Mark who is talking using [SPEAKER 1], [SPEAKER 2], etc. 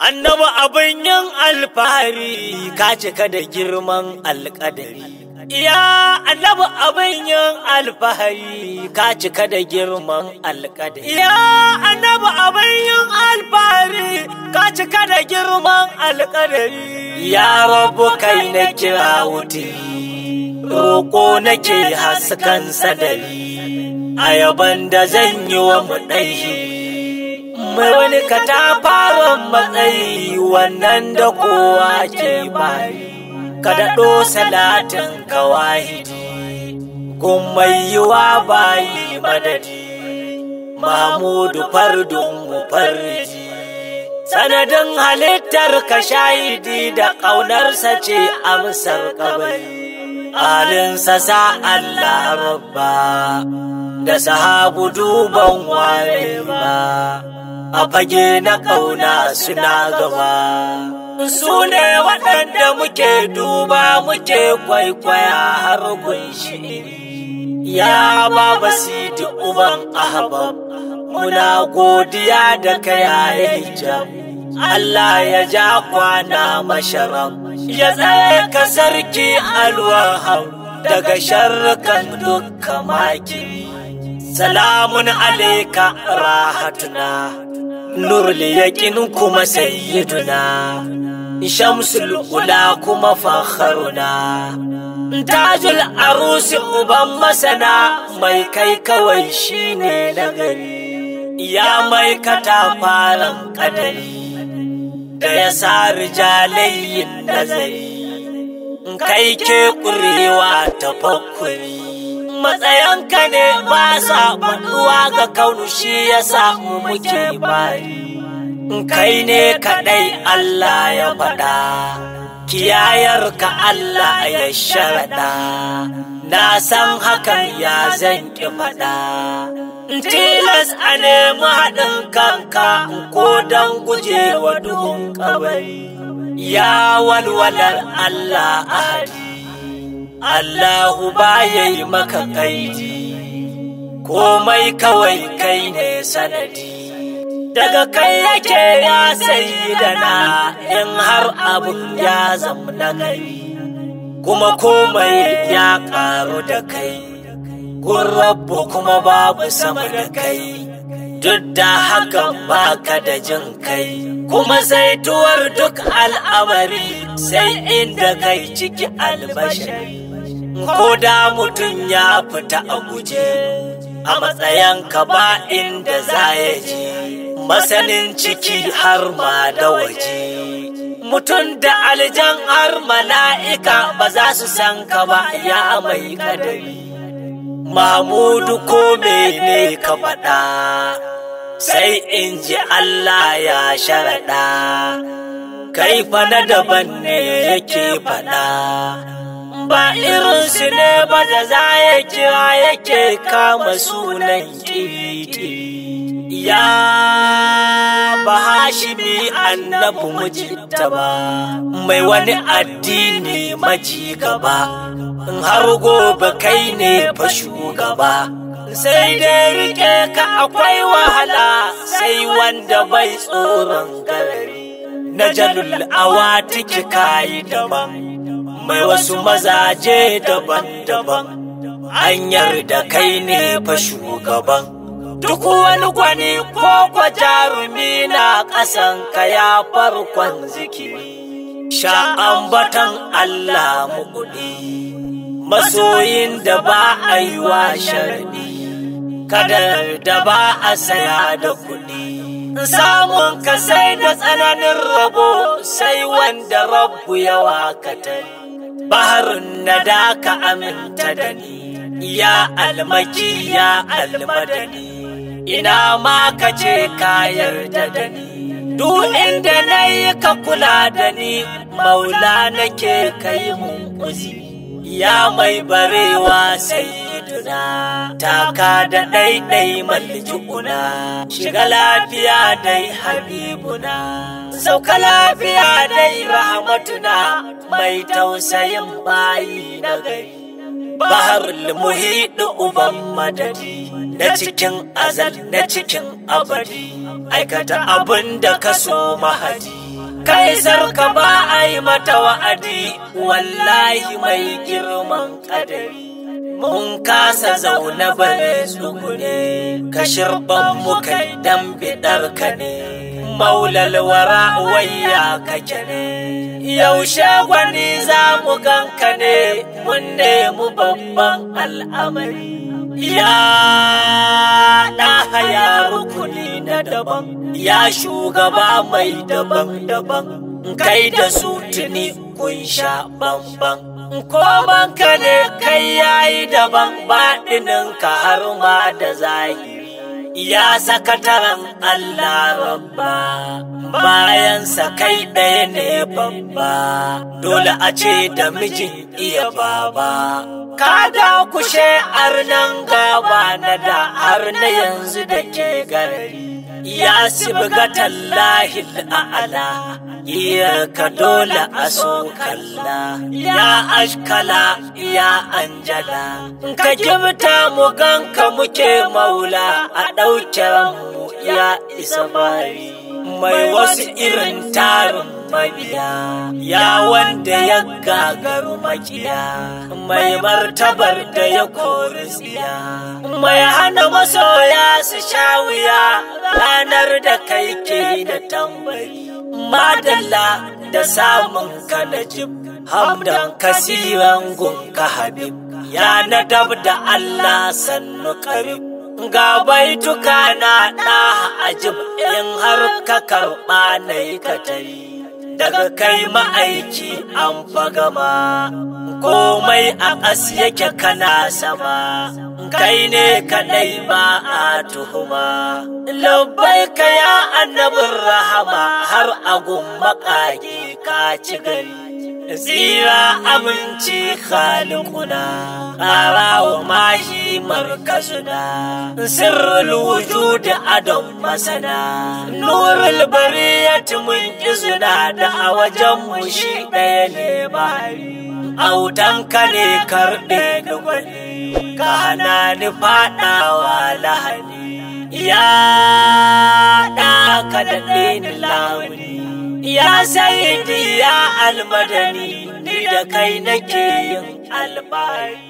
[SPEAKER 1] Annaba abin yin alfahari ka cika da girman alƙadari. Ya annaba abin yin alfahari ka cika da girman alƙadari. Ya annaba abin yin alfahari ka cika da girman alƙadari. Ya rabu kai na kira wuti, roƙo nake haskan sadari, ayaban da zan yi wa mu ɗaihi. mai wani katafaren matsayi wannan da kowa ke bari ka daɗo salatin kawahidi kun mai yiwa bayi madadi mahmudu fardun mufarriji sanadin halittar ka shahidi da ƙaunarsa ce amsar kabari Alinsa sa Allah rabba da sahabu duban ware ba a fage na ƙauna suna gaba. Su ne waɗanda muke duba muke kwaikwaya har kunshi. Ya baba siti uban ahabab, muna godiya da kaya a hijab. Allah ya ja kwana masharam, ya tsaye ka sarki alwahab daga sharrukan dukkan maki. Salamun alaika rahatuna. nurul yakin kuma sayyiduna shamsul ula kuma fakharuna tajul arusi uban masana mai kai kawai shine nagari ya mai katafaren kadari da ya sa rijalayin nazari kai ke ƙurewa tafakkuri matsayanka ne ba sa faɗuwa ga kaunu shi ya samu muke bari kai ne kaɗai Allah ya faɗa ka Allah ya sharaɗa na san hakan ya zan ki faɗa tilas a nemi haɗin kanka ko don gujewa duhun kabari ya walwalar Allah ahadi Allahu ya yi maka kaidi, komai kawai kai ne sanadi. Daga kai yake ya sayi da na in har abun ya zama na gari, kuma komai ya ƙaru da kai, kun kuma babu sama da kai. Duk da hakan baka da jin kai, kuma sai tuwar duk al'amari sai inda kai ciki albashari. ko da mutum ya fita a guje a matsayin ka ba inda za ya je masanin ciki har ma da waje mutum da aljan har mala'ika ba za su san ka ba ya mai kadari Mahmudu ko ne ka faɗa sai in ji Allah ya sharaɗa kai fa na daban ne yake faɗa ba irin su ne ba da za ya kira yake kama sunan kiriki ya ba hashimi annabu mujita ba mai wani addini maji gaba in har gobe kai ne fa shugaba sai dai rike ka akwai wahala sai wanda bai tsoron gari na jalul awa take kayi daban mai wasu mazaje daban-daban hanyar da kai ne fa shugaban duk wani gwani ko kwa jarumi na ƙasan ka ya farkon ziki sha batan Allah muƙudi masoyin da ba a yi wa sharaɗi kadar da ba a saya da kuɗi samun ka sai da tsananin rabo sai wanda rabu ya wakata baharun na da ka aminta da ni ya almaki ya almadani ina ma ka ce ka yarda da ni duk inda na yi ka kula da ni maula nake ka yi mun ya mai barewa sai suna taka da ɗaiɗai mallikuna shiga lafiya dai habibuna sauka lafiya dai rahmatuna mai tausayin bayi na gari baharul muhiɗi uban madadi na cikin azal na cikin abadi aikata abin da ka so mahadi kaisar ka ba a yi mata wa'adi wallahi mai girman kadari mun kasa zaune bare tsugune ka shirban mu kai dan bidar ka ne maulal wara wayya ka kene. yaushe gwani za mu ganka ne mun nemi babban al'amari ya ɗaha ya rukuni na daban ya shugaba mai daban-daban kai da su tuni kun sha bambam Komanka ne kai yayi daban baɗininka har ma da zahiri. Ya sakataren Allah Bayan bayansa kai ɗaya ne babba, dole a ce da mijin iya baba. Kada kushe arnan gaba na da har na yanzu da ke gari. ya sibga tallahi al'ala
[SPEAKER 2] ka dole a so
[SPEAKER 1] kalla ya ashkala ya anjala ka jimta mu ganka muke maula a ɗauke mu ya isa bari mai wasu irin tarin mabiya ya wanda ya gagaru makiya mai martabar da ya kori siya.
[SPEAKER 2] mai hana masoya
[SPEAKER 1] su sha wuya ranar da kai ke da tambari madalla da samun ka na jib hamdan kasiran gunka habib ya nadab da allah sannu karib ga baituka na ɗa ajib in har ka karɓa na yi ka daga kai ma'aiki an fagama komai a ƙas yake kana sama kai ne kaɗai ba a tuhuma labbai ka ya annabin rahama har agun maƙaƙi ka ci gari tsira abinci khaliquna arawo mashi markasuna sirrul da adon masana nurul ci mun suna da a wajen mu shi ɗaya ne bari autan ka ne karɗe da gwani ka hana ni faɗawa lahani ya ɗaka da ni lawi ya sayyidi ya almadani ni da kai nake yin albari